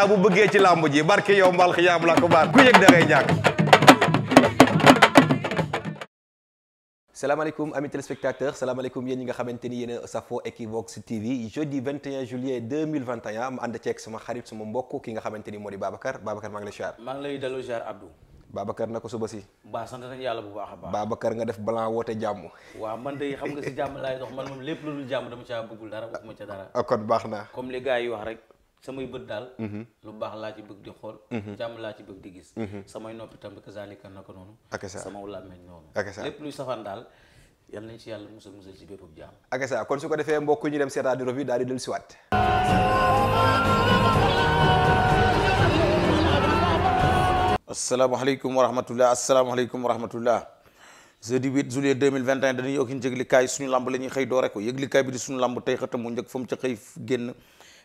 naa bu bëggee ci làmb ji barke yow mbal xiyaam la ko baar ku yëg da ngay ñàkk salaamaaleykum amis téléspectateurs salaamaaleykum ni yéen a safo Equivox TV jeudi 21 juillet 2021 ma ànd ceeg sama xarit sama ki nga xamante ni moo di Babacar Babacar maa ngi lay ziar. maa ngi lay delloo ziar Abdou. Babacar na ko suba si. ba sant yàlla bu baax a baax. Babacar nga def balaa woote jàmm. waaw man de xam nga jàmm laay dox man moom lépp lu dul jàmm dama caa bëggul dara waxuma ca dara. Ah, kon baax na. comme li yi wax rek. samay bët daal mhm. lu baax laa ci bëgg di xool mhm. jàmm laa ci bëgg di gis mhm. samay noppi tam bi kazalika naka noonu ak sa sama làmmeñ noonu lépp luy safaan daal yal nañ ci yàlla musal musal ci bépp jàmm ak kon su ko defee mbokk ñu dem seetaan di daal di dellu siwaat asalaamaaleykum wa rahmatullah asalaamaaleykum wa rahmatullah jeudi 8 juillet 2021 dañuy yokk xëy doore ko bi di suñu lamb tey xëtam mu njëkk fa mu xëy génn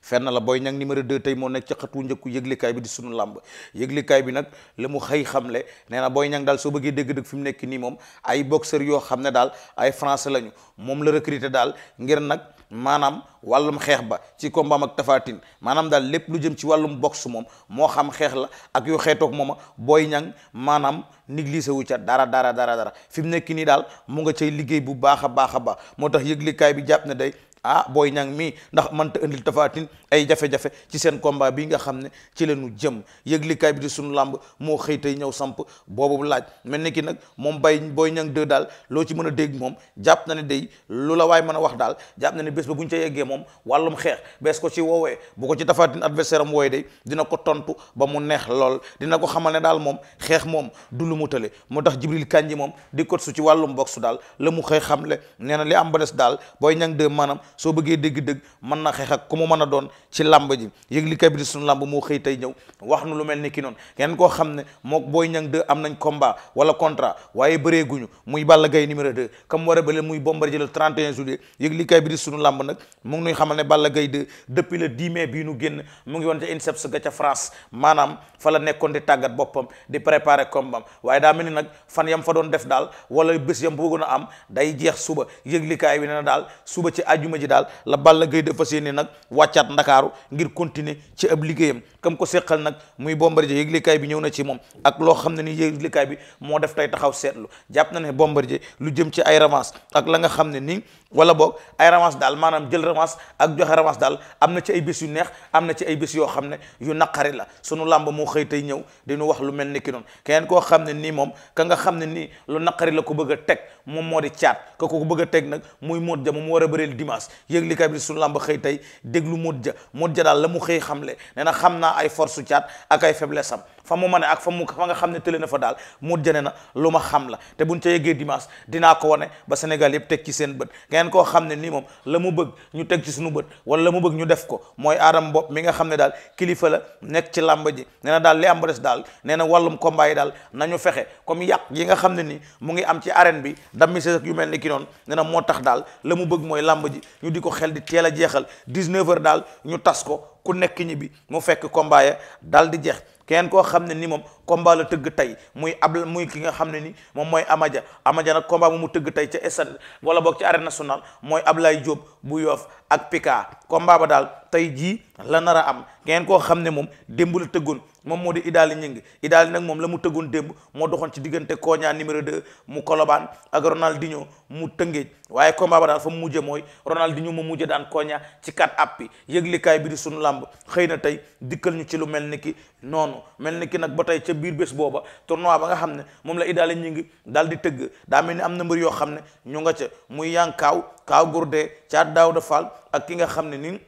fenn la Boy Niang numéro 2 tey moo nekk ci xatu njëkku yëglikaay bi di sunu làmb yëglikaay bi nag la mu xëy xamle nee na Boy Niang daal soo bëggee dégg dëgg fi mu nekk nii moom ay boxeur yoo xam ne daal ay français lañu moom la recruter daal ngir nag maanaam wàllum xeex ba ci combat ak tafatin maanaam daal lépp lu jëm ci wàllum box moom moo xam xeex la ak yu xeetoog mooma Boy Niang maanaam négligé wu ca dara dara dara dara fi mu nekk nii daal mu nga cay liggéey bu baax a baax a baax moo tax yëglikaay bi jàpp ne day ah booy ñang mii ndax mënta indil tafaatin ay jafe-jafe ci seen combat bi nga xam ne ci leenu jëm yëglikaay bi di suñu làmb moo xëy ñëw samp boobu laaj mel ni ki nag moom bay booy ñang deux daal loo ci mën a dégg moom jàpp na ne day lu la waay mën a wax daal jàpp na ne bés ba bu ñu ca yeggee moom wàllum xeex bees ko ci woowee bu ko ci tafaatin adversaire am wooye day dina ko tontu ba mu neex lool dina ko xamal ne daal moom xeex moom du lu mu tële moo tax jibril kanji moom di kot su ci wàllum box daal la mu xëy xamle nee na li am ba des daal booy ñang deux maanaam soo bëggee dégg-dëgg mën na xeex ku mu mën a doon ci làmb ji yëglikaay bi di sunu làmb moo xëy tey ñëw wax nu lu mel ni ki noonu kenn koo xam ne moo Boy Niang 2 am nañ combat wala contrat waaye bëree guñu muy Balla gay numéro 2 comme war a bële muy Bombardier le 31 juillet yëglikaay bi di sunu làmb nag mu ngi nuy xamal ne Balla Gaye 2 depuis le 10 mai bii nu génn mu ngi woon ca INSEPS ga ca France maanaam fa la nekkoon di tàggat boppam di préparer combat waaye daa mel ni nag fan yam fa doon def daal wala bés yam bëggoon na am day jeex suba yëglikaay bi ne na daal suba ci àjjuma ji daal la Balla Gaye 2 fas yéene nag wàccaat ndakaaru ngir continuer ci ab liggéeyam kam ko seqal nag muy Bombardier yëglikaay bi ñëw na ci moom ak loo xam ne ni yëglikaay bi moo def tey taxaw seetlu jàpp na ne Bombardier lu jëm ci ay revanche ak la nga xam ne ni wala boog ay revanche daal maanaam jël revanche ak joxe revanche daal am na ci ay bés yu neex am na ci ay bés yoo xam ne yu naqari la sunu làmb moo xëy tey ñëw dañu wax lu mel ni ki noonu keneen koo xam ne nii moom ka nga xam ne nii lu naqari la ko bëgg teg moom moo di caat ka ko bëgg teg nag muy Modou Dia moom war a bëreel dimanche yëglikaay bi sunu làmb xëy tey déglu Modou Dia mu jadaal la mu xëy xam le na xam naa ay su caat ak ay faiblesse am fa mu mën ak fa mu fa nga xam ne tële na fa daal mu jëne na lu ma xam la te buñ ca yeggee dimanche dinaa ko wane ba Sénégal yëpp teg ci seen bët ngeen koo xam ne nii moom la mu bëgg ñu teg ci suñu bët wala la mu bëgg ñu def ko mooy Adama Bopp mi nga xam ne daal kilifa la nekk ci làmb ji nee na daal li am ba des daal nee na wàllum combat yi daal nañu fexe comme yàq yi nga xam ne nii mu ngi am ci arène bi dammi ses yu mel ni ki noonu nee na moo tax daal la mu bëgg mooy làmb ji ñu di ko xel di teel a jeexal 19 heures daal ñu tas ko ku nekk ñi bi mu fekk combat daal di jeex kenn koo xam ne ni moom combat la tëgg tey muy abla muy ki nga xam ne ni moom mooy amaja amaja nag combat bu mu tëgg tey ca stade wala boog ci arène nationale mooy Ablaye Diop bu Yoff ak Pika komba ba daal tey jii la nar a am ngeen koo xam ne moom démb la tëggoon moom moo di idaali ñëngi idaali nag moom la mu tëggoon démb moo doxoon ci diggante Koña numéro 2 mu Kolobaan ak Ronaldinho mu Tëngéej waaye combat ba daal fa mu mujje mooy Ronaldinho mu mujje daan Koña ci kat appi yëglikaay bi di sunu làmb xëy na tey dikkal ñu ci lu mel ni ki noonu mel ni ki nag ba tey ca biir bés booba tournoi ba nga xam ne moom la idaale ñu ngi daal di tëgg daa mel ni am na mbër yoo xam ne ñu nga ca muy yankaaw kaaw gourdee caat daawda fall ak ki nga xam ne ni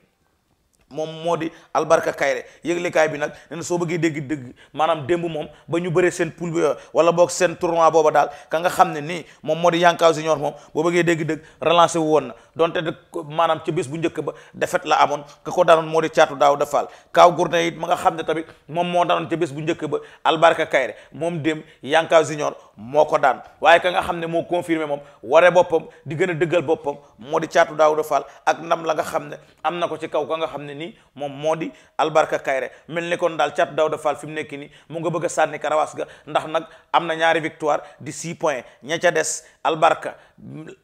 moom moo di albarka kayre yëglekaay bi nag nee soo bëggee dégg dëgg maanaam démb moom ba ñu bëree seen poule wala boog seen tournoi booba ka nga xam ne nii moom moo di yankaaw junior moom boo bëggee dégg dëgg relancé wu woon na donte de maanaam ca bis bu njëkk ba defet la amoon ka ko daanoon moo di caatu daaw dafaal kaaw gurne it ma nga xam ne tamit moom moo daanoon ca bés bu njëkk ba albarka kayre moom dem yankaw junior moo ko daan waaye ka nga xam ne moo confirmé moom ware boppam di gën a dëggal boppam moo di caatu daaw dafaal ak ndam la nga xam ne am na ko ci kaw ka nga xam ne nii moom moo di albarka kayre mel ni kon daal caatu daaw dafaal fi mu nekk nii mu nga bëgg sànni karawaas ga ndax nag am na ñaari victoire di six points ña ca des albarka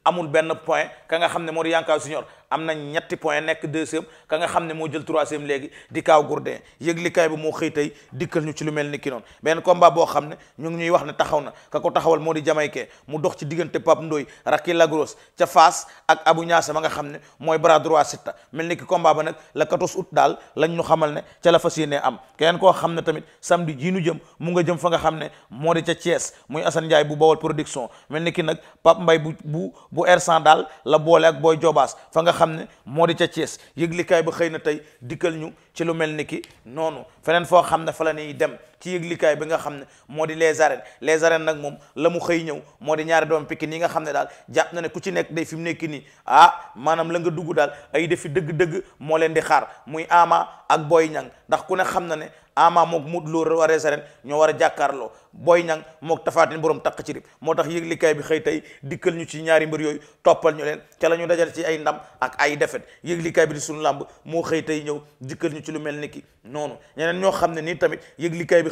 amul benn point ka nga xam ne moo Mor Yanka Junior am na ñetti point nekk deuxième ka nga xam ne moo jël troisième léegi di kaaw gourdin yëglikaay bi moo xëy tey dikkal ñu ci lu mel ni ki noonu benn combat boo xam ne ñu ngi ñuy wax ne taxaw na ko taxawal moo di jamaykee mu dox ci diggante Pape Ndoy Racky Lagros ca Fass ak Abou Niasse ma nga xam ne mooy bras droit sitta mel ni ki komba ba nag la 14 août daal lañ ñu xamal ne ca la fas am keneen koo xam ne tamit samedi jii nu jëm mu nga jëm fa nga xam ne moo di ca Thiès muy Assane Ndiaye bu Bawol production mel ni ki nag Pape Mbaye bu bu bu r daal la boole ak Boy Jobaas fa nga xam ne moo di ca Thiès yëglikaay ba xëy na tey dikkal ñu ci lu mel ni ki noonu feneen foo xam ne fa la ñuy dem ci yëglikaay bi nga xam ne moo di les arènes les arènes nag moom la mu xëy ñëw moo di ñaari doom Pikine yi nga xam ne daal jàpp na ne ku ci nekk day fi mu nekk nii ah maanaam la nga dugg daal ay defi dëgg-dëgg moo leen di xaar muy Ama ak Boy Niang ndax ku ne xam na ne Ama mook Modou Lo waree sareen ñoo war a jàkkaarloo Boy Niang mook Tapha boroom takk ci rib moo tax yëglikaay bi xëy tey dikkal ñu ci ñaari mbër yooyu toppal ñu leen ca la ñu dajal ci ay ndam ak ay defet yëglikaay bi di suñu làmb moo xëy tey ñëw dikkal ñu ci lu mel ni ki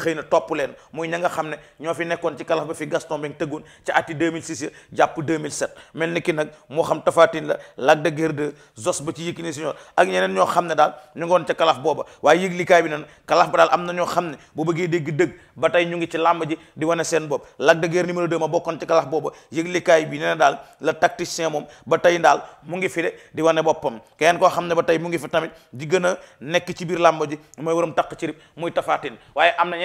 xëy na topp leen muy ña nga xam ne ñoo fi nekkoon ci kalaf ba fi Gaston Mbengue tëggoon ca ati 2006 jàpp 2007 mel ni ki nag moo xam Tafatine la Lac de Guiers 2 Zos ba ci Yékini Senior ak ñeneen ñoo xam ne daal ñu ngoon ca kalaf booba waaye yëglikaay bi nan kalaf ba daal am na ñoo xam ne bu bëggee dégg dëgg ba tey ñu ngi ci làmb ji di wane seen bopp Lac de Guiers numéro 2 ma bokkoon ci kalaf booba yëglikaay bi nee na daal la tacticien moom ba tey daal mu ngi fi de di wane boppam kenn koo xam ne ba tey mu ngi fi tamit di gën a nekk ci biir làmb ji mooy waram takk ci rib muy Tafatine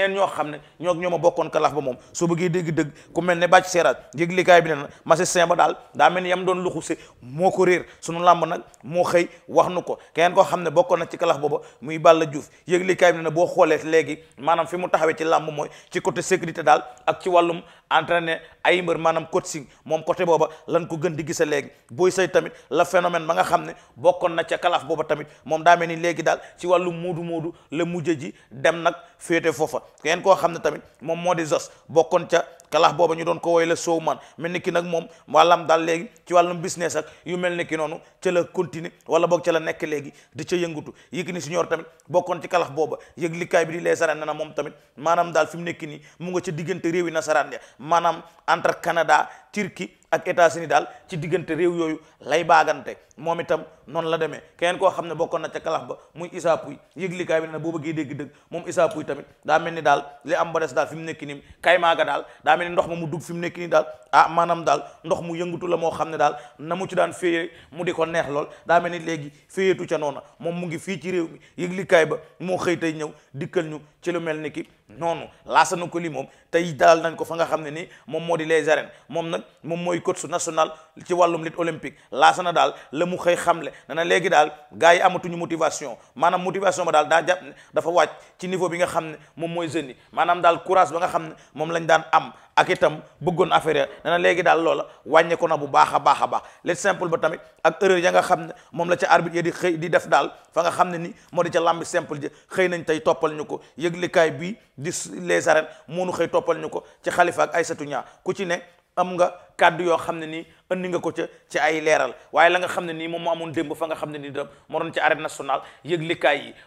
ñeneen ñoo xam ne ñoo ñoo ma bokkoon kalaf ba moom soo bëggee dégg-dëgg ku mel ne bàcc seeraat yëglikaay bi ne na masi sin ba daal daa mel ni yam doon luxu se moo ko réer sunu làmb nag moo xëy wax nu ko keneen koo xam ne bokkoon na ci kalaf booba muy Balla Diouf yëglikaay bi ne boo xoolee léegi maanaam fi mu taxawee ci làmb mooy ci côté sécurité daal ak ci wàllum entraîner ay mbër maanaam coaching moom côté booba lan ko gën di gisa léegi booy say tamit la phénomène ba nga xam ne bokkoon na ca kalaf booba tamit moom daa mel ni léegi daal ci wàllum moodu moodu la mujj ji dem nag féete foofa keneen koo xam ne tamit moom moo de Zos bokkoon ca kalax booba ñu doon ko woy la sow man mel ni ki nag moom wàllam daal léegi ci wàllum business ak yu mel ni ki noonu ca la continuer wala boog ca la nekk léegi di ca yëngutu si Senior tamit bokkoon ci kalax booba yëg likaay bi di lay arènes na moom tamit maanaam daal fi mu nekk nii mu nga ca diggante réewi nasaraan ya maanaam entre Canada Turquie ak États-Unis daal ci diggante réew yooyu lay baagante moom itam noonu la demee keneen koo xam ne bokkoon na ca kalax ba muy Issa Pouye yëglikaay bi ne boo bëggee dégg dëgg moom Issa Pouye tamit daa mel ni daal li am ba des daal fi mu nekk nii kay maaga daal daa mel ni ndox ma mu dugg fi mu nekk nii daal ah maanaam daal ndox mu yëngatu la moo xam ne daal na mu ci daan féye mu di ko neex lool daa mel ni léegi féyetu ca noona moom mu ngi fii ci réew mi ba moo xëy tey ñëw dikkal ñu ci lu mel ni ki noonu Lassana Coly moom tey dalal nañ ko fa nga xam ne ni moom moo di les arènes moom nag moom mooy coach national ci wàllum lutte olympique Lassana daal la mu xëy xamle ne na léegi daal gars yi amatuñu motivation maanaam motivation ba daal daa jàpp ne dafa wàcc ci niveau bi nga xam ne moom mooy jeunes yi maanaam daal courage ba nga xam ne moom lañ daan am ak itam bëggoon affaire nee na léegi daal loola wàññeeku na bu baax a baax a baax le simple ba tamit ak erreur ya nga xam ne moom la ca arbitre ya di xëy di def daal fa nga xam ne ni moo di ca làmbi simple ji xëy nañ tey toppal ñu ko yëglikaay bii di les arènes moonu xëy toppal ñu ko ci xalifa ak Aysatu ñaa ku ci ne am nga kàddu yoo xam ne nii andi nga ko ca ci ay leeral waaye la nga xam ne nii moom moo amoon démb fa nga xam ne nii tam moo doon ci arène nationale yi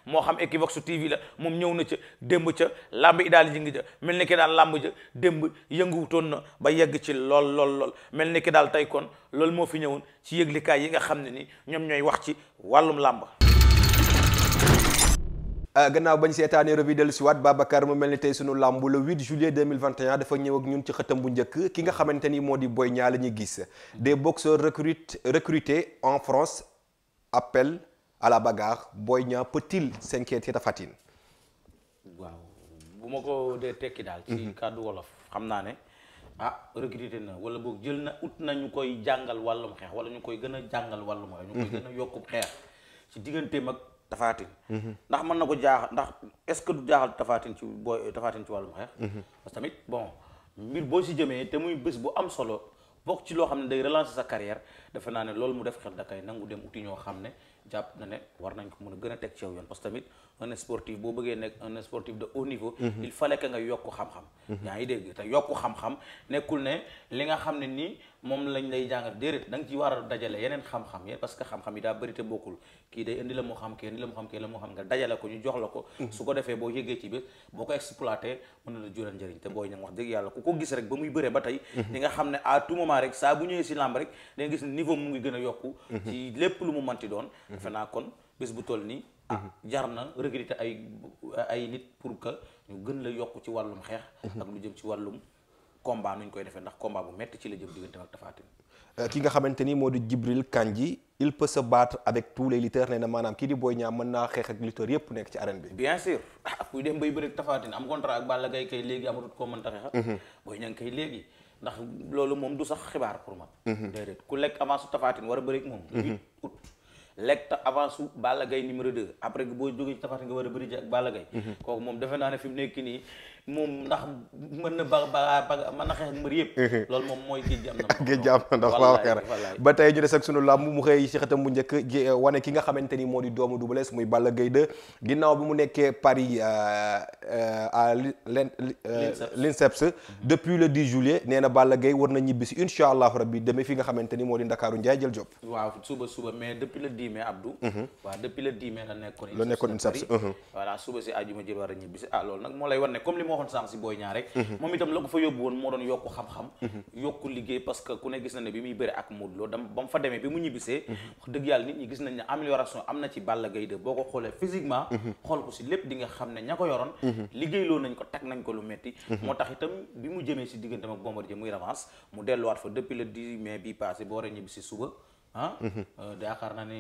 moo xam Equivox TV la moom ñëw na ca démb ca làmb i daal ji ngi ja mel ni ki daal làmb ja démb yënguwutoon na ba yegg ci lool lool mel ni ki daal tey kon loolu moo fi ñëwoon ci yëglikaay yi nga xam ne nii ñoom ñooy wax ci wàllum làmb Euh, gannaaw bañ seetaanee revue dellu si waat Babacar mu mel ni tey sunu làmb le 8 juillet 2021 dafa ñëw ak ñun ci xëtam bu njëkk ki nga xamante ni moo di Boy Niang la gis des boxeurs recrute recrutés en France appel à la bagarre Boy Niang peut-il s'inquiéter Tapha Tine waaw bu ma ko dee tekki daal ci mhm. kàddu wolof xam naa ne ah recruté na wala boog jël na ut na ñu koy jàngal wàllum xeex wala ñu koy gën a jàngal wàllum xeex ñu koy mhm. gën yokkub xeex ci digganteem ak tafaatin mhm. ndax mën na ko jaaxal ndax est-ce que du jaaxal tafaatin ci booy tafaatin ci wàllum xeex mhm. parce tamit bon mbir boo si jëmee te muy bés bu am solo bokk ci loo xam ne day relance sa carrière defe naa ne loolu mu def xel da kay nangu dem uti ñoo xam ne jàpp na ne war nañ ko mën a gën a teg ci yoon parce tamit un sportif boo bëggee nekk un sportif de haut niveau mhm. il fallait que nga yokk xam-xam yaa ngi dégg te yokk xam-xam nekkul ne li nga xam ne nii moom lañ lay jàngal déedéet da nga ci war a dajale yeneen xam-xam yi parce que xam-xam yi daa bëri te bokkul kii day indi la moo xam ke indi la moo xam ke la moo xam nga dajale ko ñu jox la ko mm-hmm. su ko defee boo yëgee ci biir boo ko exploité mën na la jural njëriñ te booy ñang wax dëgg yàlla ku ko gis rek ba muy bëree ba tey mm-hmm. di nga xam ne à tout moment rek saa bu ñëwee si làmb rek da nga gis ne niveau mu ngi gën a yokk mm-hmm. ci lépp lu mu manti doon defe kon bés bu toll nii ah jar na recruter ay ay nit pour que ñu gën la yokk ci wàllum xeex ak lu jëm ci wàllum combat nuñ koy defee ndax combat bu metti ci la jëm diggante ak Tapha euh, ki nga xamante ni moo di Djibril Kandji il peut se battre avec tous les lutteurs nee na maanaam kii di Boy Niang mën naa xeex ak lutteurs yépp nekk ci arène bi bien sûr ah, kuy dem bay bëri ak Tapha am contrat ak Balla Gaye kay léegi amatut koo mën taxeexa mhm. Boy Niang kay léegi ndax loolu moom du sax xibaar pour man mhm. déedéet ku lekk avance Tapha war a bëri ak moom 8 mhm. lekk avance su Balla Gaye numéro 2 après boo jógee ci tafaati nga war a bëri ji ak Balla Gaye mhm. kooku moom defe naa ne fi mu nekk nii moom ndax mën na ba ba ba mën na xeex mbër yëpp mhm. loolu moom mooy géej gi am na géej gi am na ba tey ñu des ak sunu làmb mu xëy si xatam bu njëkk gi eh, wane ki nga xamante ni moo di doomu Double Less muy Balla Gaye 2 ginnaaw bi mu nekkee Paris euh, euh, à euh, l'INSEPS depuis le 10 juillet nee na Balla gay war na ñibbisi incha allah rabbi demee fi nga xamante ni moo di Ndakaaru Njaay 10 Abdou. Mhm. waaw depuis le 10 mai la nekkoon. la nekkoon une sapsi mhm. suba si àjjuma ji war a ñibbi ah loolu nag moo lay wan ne comme li ma waxoon sànq si Boy Niang mhm. moom itam la ko fa demee bi mu ñibbisee. dëgg yàlla nit ñi gis nañ ne amélioration am na ci Balla Gaye boo ko xoolee physiquement. xool ko si lépp di xam ne ña ko yoroon. liggéeyloo nañ ko teg nañ ko lu metti moo tax itam bi mu jëmee si diggante ak Bombardier muy revanche mu delluwaat ah. Mhm. Euh, yaakaar naa ni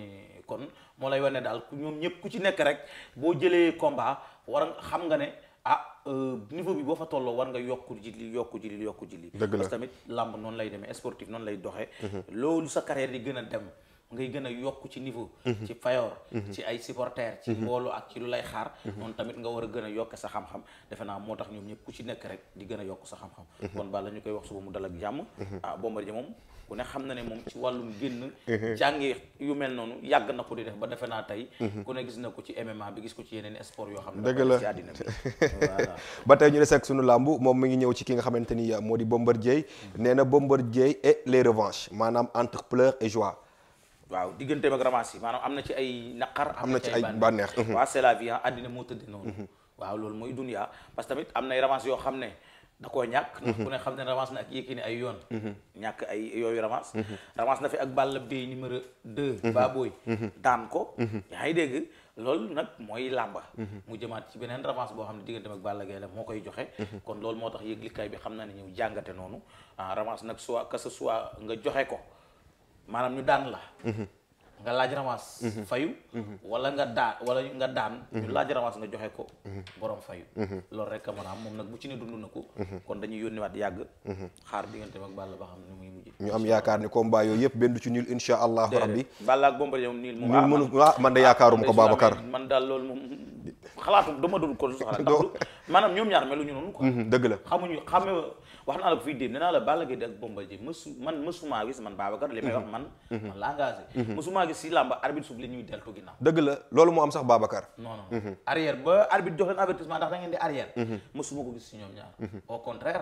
kon moo lay wane daal ku ñoom ñëpp ku ci nekk rek boo jëlee combat war a xam nga ne ah euh, niveau bi boo fa tolloo war nga yokku ji li yokku ji li yokku ji li. dëgg la tamit làmb noonu lay demee sportif noonu lay doxee. Mhm. loolu sa carrière di gën dem. ngay gën a yokk ci niveau mhm. ci fayoor ci ay supporter ci mbooloo ak ci lu lay xaar noonu tamit nga war a gën a yokk sa xam-xam defe naa moo tax ñoom ñëpp ku ci nekk rek di gën a yokk sa xam-xam kon bala ñu koy wax suba mu dal ak jàmm ah Bombardier moom ku ne xam na ne moom ci wàllum génn mhm. jàngi yu mel noonu yàgg na ko di def ba defe naa tey mhm. ku ne gis na ko ci MMA bi gis ko ci yeneen sport yoo xam ne dëgg la ci àddina bi ba tey ñu des ak sunu làmb moom mi ngi ñëw ci ki nga xamante ni moo di Bombardier mhm. nee na Bombardier et les revanches maanaam entre pleurs et joie waaw digganteem ak ramas yi maanaam am na ci ay naqar am na ci ay bànneex waaw c'est la vie àddina moo tëdd noonu waaw loolu mooy dunya parce que tamit am nay yoo xam ne da koo ñàkk ndax mhm. ku ne xam ne revanche na ak Yékini ay yoon mhm. ñàkk ay yooyu revanche mhm. revanche na fi ak Balla Beye numéro deux Baboy daan ko yaa ngi dégg loolu nag mooy làmba mu jëmaat ci beneen revanche boo xam ne diggante ak Balla Gaye la moo koy joxe kon lool moo tax yëglikaay bi xam na ne ñëw jàngate noonu ah nag soit que ce soit nga joxe ko maanaam ñu daan la nga laaj ramas mhm. fayu mhm. wala nga daan wala nga daan ñu mhm. laaj ramas nga joxe ko borom fayu loolu rek a mën a am moom nag bu ci ne dund na ko kon dañuy yónniwaat yàgg xaar diggante ak Balla ba xam ne muy mujj ñu am yaakaar ni combat yooyu yëpp benn du ci nul insha allahu rabbi Balla ak Bombardier moom nul moom mënu ah man de yaakaaruma ko ah, Babacar man daal loolu moom xalaatu dama doon ko sax ndax maanaam ñoom ñaar meluñu noonu quoi mhm, dëgg la xamuñu wax naa la ko fii démb naa la Balla Gaye ak Bombardier mësu man mësumaa gis man Babacar li may wax mhm. man mhm. gis si làmba arbitre suuf la ñuy deltu ginnaaw dëgg la loolu moo am sax Babacar non non arrière ba arbitre jox leen avertissement ndax da ngeen di arrière mësuma ko gis si ñoom ñaar au contraire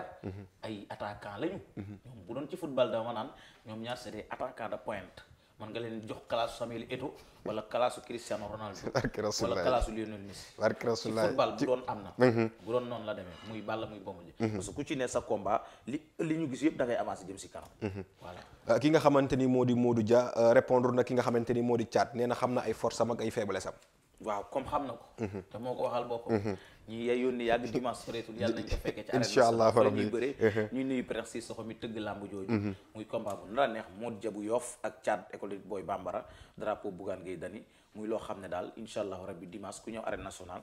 ay attaquant lañu ñoom bu doon ci football dama naan ñoom ñaar c'est des attaquants de pointe man nga leen jox kalaasu Samuel Eto'o wala kalaasu Cristiano Ronaldo. wala kalaasu Lionel Messi. barke Rasulullah ci bu doon am na. Mhm. bu doon noonu la demee muy Balla muy Bombardier. Mhm. parce que ku ci ne sa combat li li ñu gis yëpp da ngay avancer jëm si kanam. Mhm. voilà euh, ki nga xamante ni moo di moodu Dia euh, répondre na ki nga xamante ni moo di Thiat nee na xam na ay force am ak ay faiblesse sam waaw comme xam na ko. Mhm. te moo ko waxal boppam. Mhm. ñi yay yónni yàgg dimanche soreetul yàlla nañ ko fekkee ci. incha allah rabbi ñuy bëree mhm. ñu nuyu Prince Sissoko mi tëgg làmb jooju. muy combat bu nar a neex moo jabu yoof ak Thiat école booy Bambara drapeau Bougane Gueye Dany muy loo xam ne daal incha allah rabbi dimanche ku ñëw arène nationale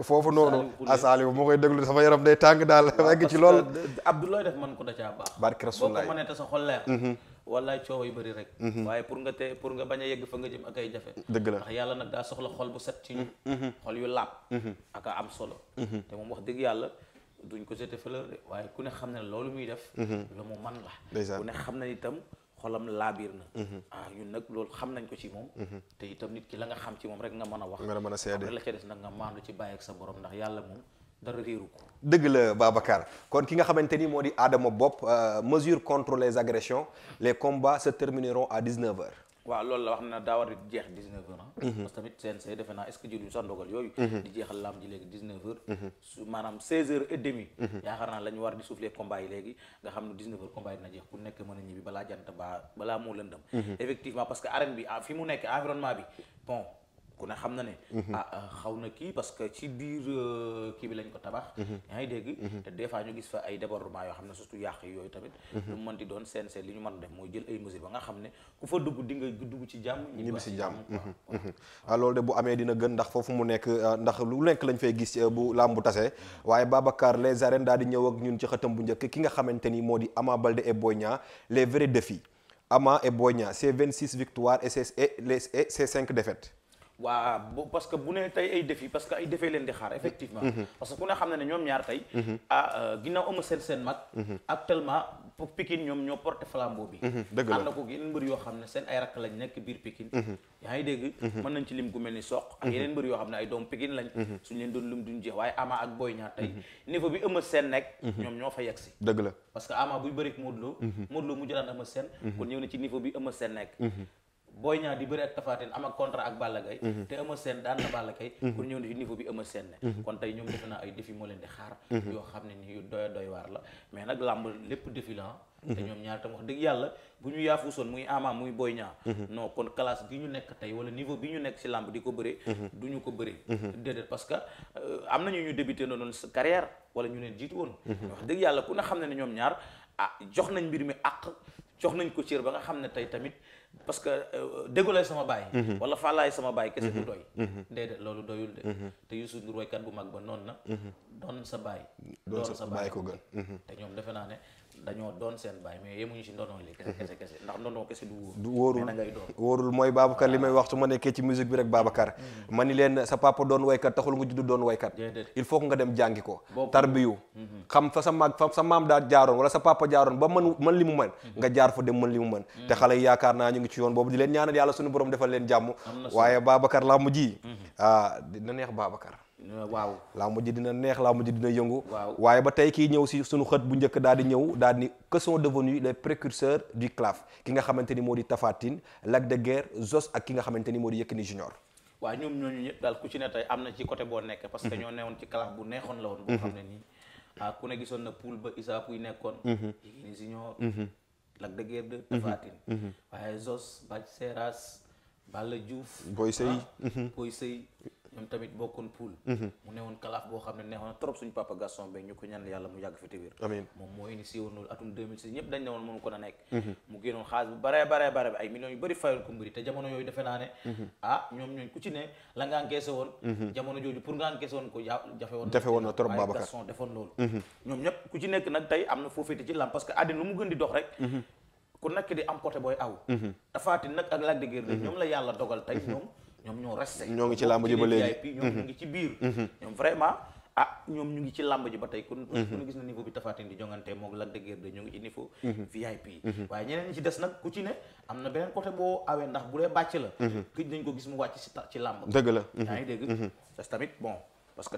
foofu noonu asaalibu ah, moo koy déglu sama yaram day tàng daal egg ci lool Abdoulaye def man ko da caa baax barki rasulaay boo ko mënee te sa xol leer mhm. wallaay coow yu bëri rek mhm. waaye pour nga te pour nga bañ a ak la ndax yàlla nag daa soxla xol bu mhm. a am solo te moom wax dëgg yàlla duñ ko jeté fleur de waaye ku ne xam ne loolu muy def lu mu man la ku ne xam ne itam xolam laabiir na mhm. ah ñun nag loolu xam nañ ko ci moom mhm. te itam nit ki la nga xam ci moom rek nga mën a wax nga mën a seede la ca des nag nga maandu ci bàyyi ak sa borom ndax yàlla moom dara réeru ko dëgg la Babacar kon ki nga xamante ni moo di aadama Bopp euh, mesure contre les agressions les combats se termineront à 19 heures waaw lool la wax na daa war di jeex 19 heures ah mhm. parce que tamit CNC defe naa est-ce que jël sax ndogal yooyu mhm. di jeexal laam ji léegi 19 heures mhm. su maanaam 16 heures et demi yaakaar naa la war di souffler combat léegi nga xam ne 19 heures combat yi dina jeex ku nekk mën a ñibbi balaa jant baa balaa moo lëndëm effectivement parce que arène bi ah, fi mu nekk environnement bi bon ku ne xam na ne mhm. ah, ah xaw na kii parce que ci biir euh, kii bi lañ ko tabax mhm. yaa ngi dégg mhm. te des fois ñu gis fa ay débordement yoo xam ne surtout yàq yooyu tamit lu mën di doon seen seen li ñu mën def mooy jël ay mesures ba nga xam ne ku fa dugg di nga dugg ci jàmm ñibbi si jàmm waaw ah, loolu de bu amee dina gën ndax foofu mu nekk euh, ndax lu nekk lañ fay gis euh, bu làmb bu tasee waaye Babacar les arènes daal di ñëw ak ñun ci xëtam bu njëkk ki nga xamante ni moo di amaa Baldé et Boy les vrais défis Ama et Boy Niang c'est 26 victoires et c'est et waa parce que bu ne tey ay défi parce que ay défee leen di xaar effectivement mhm. Mhm. parce ku ne xam ne ne ñoom ñaar tey mhm. ah euh, ginnaaw seen seen mag actuellement Pikine ñoom ñoo porté flambeau bi dëgg la am na yoo xam ne seen ay rakk lañ nekk biir Pikine yaa yoo xam ne ay doom ñoo fa yegsi dëgg la parce que Ama buy bëri ak Modou mu jëlaan Eumeu Sène kon ñëw na ci niveau bi Eumeu Sène nekk Boy Niang di bëri ak Tapha Tine am ak contrat ak Balla Gaye mhm. te Eumeu Sène daan na Balla Gaye ku ne ñoom ñaar ah jox nañ mbir mi àq jox nañ ko cër ba nga xam ne tey tamit parce que euh, dégolay sama baay. Mhm. wala faalaay sama baay kese du mhm. doy. Mhm. déedéet loolu doyul de. te Youssou Ndour waykat bu mag ba noon na. doon sa baay. doon sa baay ko gën. te ñoom defe naa ne dañoo doon seen baay mais yemuñu si ndono li kese kese kese ndax ndono kese du wóor. wóorul mooy Babacar li may wax su ma nekkee ci musique bi rek Babacar. Mm-hmm. ma ni leen sa papa doon waykat taxul nga judd doon waykat. il faut que nga dem jàngi ko. tarbiyu mm-hmm. xam fa sa mag fa sa maam daa jaaroon wala sa papa jaaroon ba mën man li mu mën. Mm-hmm. nga jaar fa dem mën li mu mën. te xale yaakaar naa ñu ngi ci yoon boobu di leen ñaanal yàlla suñu borom defal leen jàmm. waaye Babacar laa mu ji. ah dina neex Babacar Euh, waaw làmb ji dina neex làmb ji dina yëngu waaye ba tey kii ñëw si suñu xët bu njëkk daal di ñëw daal di que sont devenus les du CLAF ki nga xamante ni moo di Tapha Tine Lac ak ki nga xamante ni moo di Yékini Junior waaw ñoom ñooñu ñëpp daal ku ci ne tey am na ci côté boo nekk parce que mhm. ñoo newoon ci CLAF bu neexoon la woon mhm. boo xam ne nii ah ku ne gisoon na poule ba Issa Pouye nekkoon mhm. Yékini Junior Lac de Guiers waaye Zoss Bathie Seras ñoom tamit bokkoon pool mhm. mu newoon kalaaf boo xam ne neexoon trop suñu papa Gaston Mbengue ñu ko ñaan yàlla mu yàgg fi te wér amiin moom moo mhm. jamono yooyu defe naa ne mhm. ah ñoom la nga ñoom ku ci nekk nag tey am na foofeeti ci lam parce que àddina lu mu gën di dox rek ku nekk di am côté booy aw tafaati nag ak Lac de Guiers ñoom la yàlla dogal tey ñoom ñoom ñoo resté. ñoo ngi ci làmb ji ba léegi ñoom ñu ngi ci biir. Mhm. Mhm. ñoom vraiment ah ñoom ñu ngi ci làmb ji ba tey kon. ku mhm. gis na niveau bi Tapha Tine moom Lac de Guiers de ñoo ngi gis mu wàcc ci ci làmb. dëgg la yaa ngi dégg. que tamit bon parce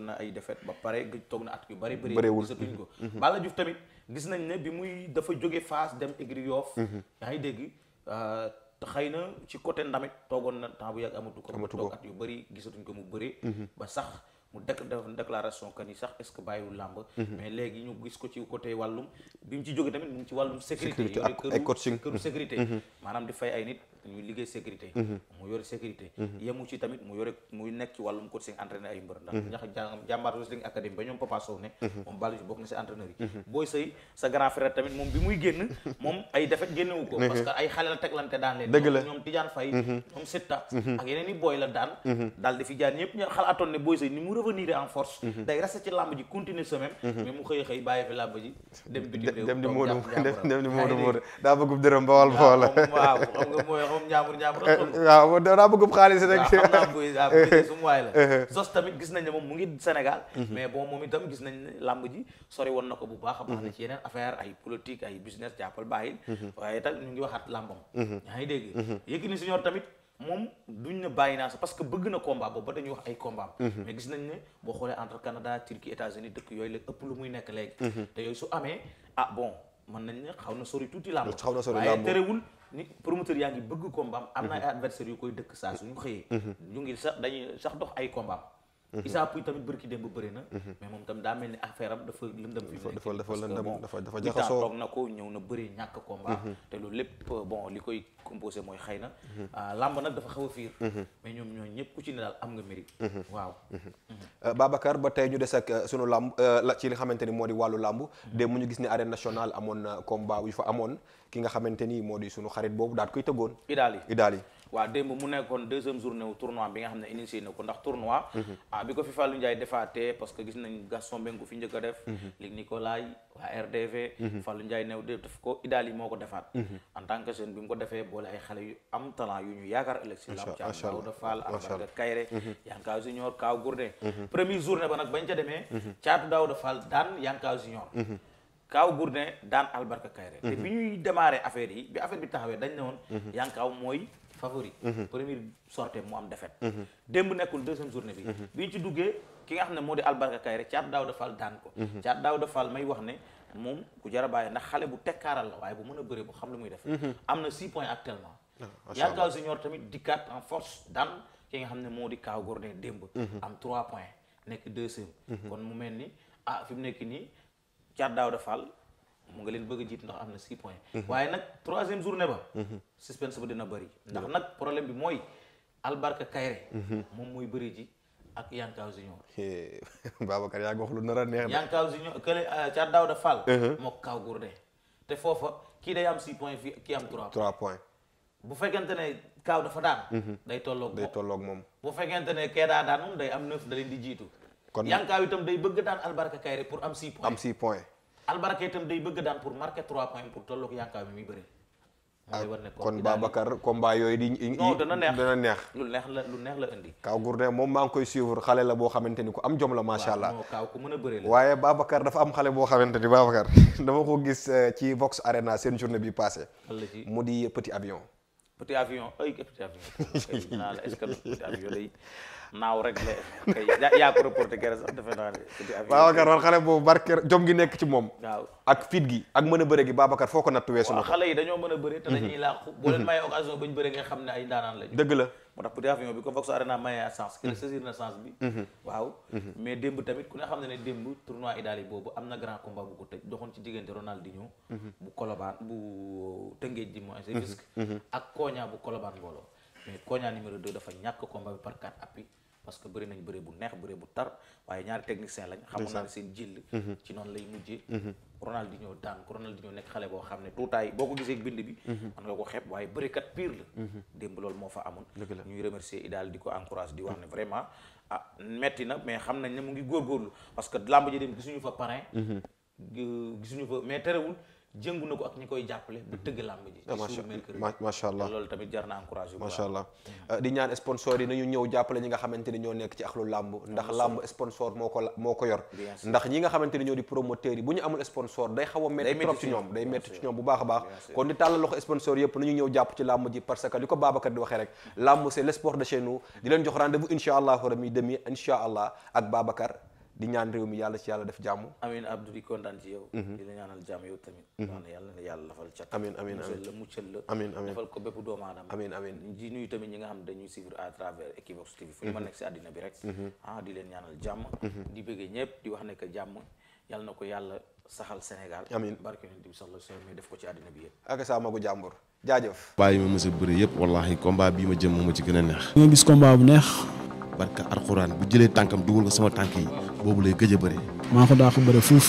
na ay défaite ba pare gëj toog na at ko. Balla Diouf tamit gis nañ ne bi muy dafa jóge Fass dem Aigri Yoff. yaa dégg euh, te xëy na ci côté ndamit toogoon na temps yàgg amatu ko amatu ko yu bëri gisatuñ ko mu bëri mhm. ba sax mu def déclaration que ni sax est-ce làmb mhm. mais léegi ñu gis ko ci côté wàllum bi mu ci jógee tamit mu ci wàllum sécurité mhm. Mhm. yemu ci tamit mu nekk wàllum coaching entraîné ay mbër ndax ñoom Papa ne moom bàllu ci bokk na si entraîneur yi booy sëy sa grand tamit moom bi muy génn moom ay defet génnewu ko parce que ay xale la teglante daan leen dëgg ñoom Tidiane Faye ñoom Sitta ak yeneen i booy la daan daal di fi jaar ñëpp ñu xalaatoon revenir en force. Mhm. day resté ci làmb ji continuer semaine. Mhm. mais mu xëy xëy bàyyi fi làmb ji. dem di Moodu dem daa bëggub dërëm bawal bawal. waaw xam nga mooy xam ñaamur daa bëggub xaalis rek. Ah, su mu waay la. sos uh-huh. tamit gis nañ ne moom mu ngi Sénégal. Mhm. mais bon moom itam gis nañ ne làmb ji sori woon na ko bu baax. baax na ci yeneen affaire ay politique ay business jàppal bàyyi. waaye itam ñu ngi waxaat làmbam. yaa ngi dégg. Yékini Senior tamit moom duñ ne bàyyi naa sax parce que bëgg na combat boobu dañuy wax ay combat mhm. mais gis nañ ne boo xoolee entre Canada Turquie États-Unis dëkk yooyu la ëpp lu muy nekk léegi mhm. te yooyu su amee ah bon mën nañ ne xaw na sori tuuti làmb xaw na sori làmb waaye terewul ni promoteur yaa ngi bëgg combat am na ay mhm. adversaire yu koy dëkk saa suñu xëyee ñu ngi sax dañuy sax dox ay combat Mhm. Issa Pouye tamit bërki démb bëri na mhm. mais moom tam daa mel ni affaire am dafa lëndëm fi dafa dafa lëndëm dafa dafa jaxasoo toog na ko ñëw na bëri ñàkk combat mhm. te loolu lépp euh, bon li koy composé mooy xëy na ah, làmb nag dafa xaw a fiir mais ñoom ñooñu ñëpp ku ci ne daal am nga mérite waaw euh, Babacar ba tey ñu des ak euh, sunu làmb ci li xamante ni moo di wàllu làmb dem mu ñu gis ni arène national amoon na combat yu fa amoon ki nga xamante ni moo di sunu xarit boobu daat koy tëggoon Idaali yi waaw démb mu nekkoon deuxième journée wu tournoi bi nga xam ne initié na ko ndax tournoi mhm. ah bi ko fi Fallou Ndiaye defaatee parce que gis nañ Gaston Mbengue fi njëkk a def mhm. Ligue Nicolas waa RDV mhm. Fallou Ndiaye new def ko Idali moo ko defaat en tant que jeune bi mu ko defee boole ay xale yu am talent yu ñu yaakaar ëllëg si lamb ci Daouda Fall Abarka Kayre Yanka Junior Kaw Gourdin première journée ba nag bañ ca demee caatu Daouda Fall daan Yanka Junior Kaaw Gourdin daan Albarka Kayre te bi ñuy démarrer affaire yi bi affaire bi taxawee dañ ne woon mooy favori mhm. première sortie mu am défaite mhm. démb nekkul deuxième journée bi mhm. biñ ci duggee ki nga xam ne moo di Albarka Kayré Thiat Daouda Fall daan ko Thiat Daouda Fall may wax ne moom ku jar ndax xale bu tekkaaral la waaye bu mën a bëre bu xam lu muy def am na six points actuellement ah, Yackaw Junior tamit dikkaat en force daan ki nga xam ne moo di Kaaw Gourdin démb am trois points nekk deuxième kon mu mel ni ah fi nekk nii Thiat Daouda Fall mu nga leen bëgg a jiitu ndax am na six points mhm. waaye nag troisième journée ba mhm. suspense ba dina bëri mhm. ndax nag problème bi mooy Albarka Kayre moom mooy bëri ji ak Yankaw Junior Babacar yaa ngi wax lu nar a neex Yankaw Junior kële euh, ca moo kaw gourde te foofa kii day am six points fii kii am bu fekkente ne kaaw dafa daan day tolloog day tolloog moom bu fekkente ne kee daa daan day am neuf leen di jiitu kon Yankaw itam day bëgg daan Albarka Kayre pour am six am six points albarka tam day bëgg daan pour marquer 3 points pour tolloog yaakaar mi muy bëri. Ah, kon Babacar combat yooyu di. non dana neex dana neex. lu neex la lu la indi. Kaaw Gourdin moom maa ngi koy suivre xale la boo xamante ni ku am jom la macha allah. waaw Kaaw ku mën a bëree waaye Babacar dafa am xale boo xamante ni Babacar dama ko gis euh, ci Vox Arena seen journée bi passé mu di petit avion. petit avion ay petit petit avion naaw rek la kay yaa ko reporté kere sax boobu barke jom gi nekk ci moom. waaw ak fit gi ak mën a bëre gi Babacar foo ko natt weesu na ko. xale yi dañoo mën a bëre te dañuy mhm. làqu. boo leen mhm. mayee occasion bu la moo tax petit avion bi ko Vox Arena mayee à sens. kii la mhm. saisir na sens bi. waaw mais démb tamit ku boobu am na grand combat bu ko tëj doxoon ci diggante Ronaldinho. bu Colobane bu Tëngéej di moins risque. ak Koña bu Colobane mbooloo mais Koña numéro 2 dafa ñàkk combat bi par 4 parce que bëri nañ bëri bu neex bëri bu tar waaye ñaari technicien lañ xamoon seen jël mhm. ci noonu lay mujjee mhm. Ronaldinho daan ko Ronaldinho nekk xale boo xam ne tuutaay boo ko gisee bind bi man mhm. nga ko xeeb waaye bërikat pire la démb loolu moo fa amoon ñuy remercier i daal di ko encourage di wax ne vraiment ah metti mais xam nañ ne mu ngi góorgóorlu parce que làmb dem gisuñu fa parrain gisuñu fa mais terewul jëngu na ko ak ñi koy jàppale ba tëgg làmb ji ah, macha allah loolu tamit jar na encouragé macha allah euh, di ñaan sponsor yi nañu ñëw jàppale ñi nga xamante ni ñoo nekk ci lu làmb ah, ndax làmb sponsor moo ko moo ko yor ndax ñi nga xamante ni ñoo di promoteurs yi bu ñu amul sponsor day xaw a métti trop ci ñoom day métti ci ñoom bu baax a baax kon di tàllal loxo sponsor yëpp nañu ñëw jàpp ci làmb ji parce que li ko Babacar di waxee rek làmb c'est le sport de chez di leen jox rendez-vous incha allah allah ak di ñaan réew mi yàlla ci yàlla def jàmm. amiin Abdou di kontaan ci yow. Mhm. di la ñaanal jàmm yow tamit. maanaam yàlla na yàlla lafal la defal ko bépp doomu aadama. amiin amiin tamit ñi dañuy suivre à travers Equivox TV. fu ñu mën mhm. nekk si àddina bi rek. Mhm. Ah, di leen ñaanal jàmm. di bëggee ñëpp di wax ne jàmm yàlla ko yàlla saxal Sénégal. amiin barke yonent bi sallallahu alayhi wa sallam def ko ci àddina bi yëpp. ak saa ma ko jàmbur jaajëf. bàyyi ma mës a bëri yëpp wallaahi combat bii ma jëm moo ci gën a neex. nga barka alxuraan bu jëlee tànkam dugal ko sama tànk yi boobu lay gëj a maa ko daa ko bëri fuuf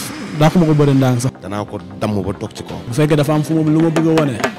ko ma ko bëri sax danaa ko damm ba toog ci kaw bu fekkee dafa am fu moom lu ma bëgg a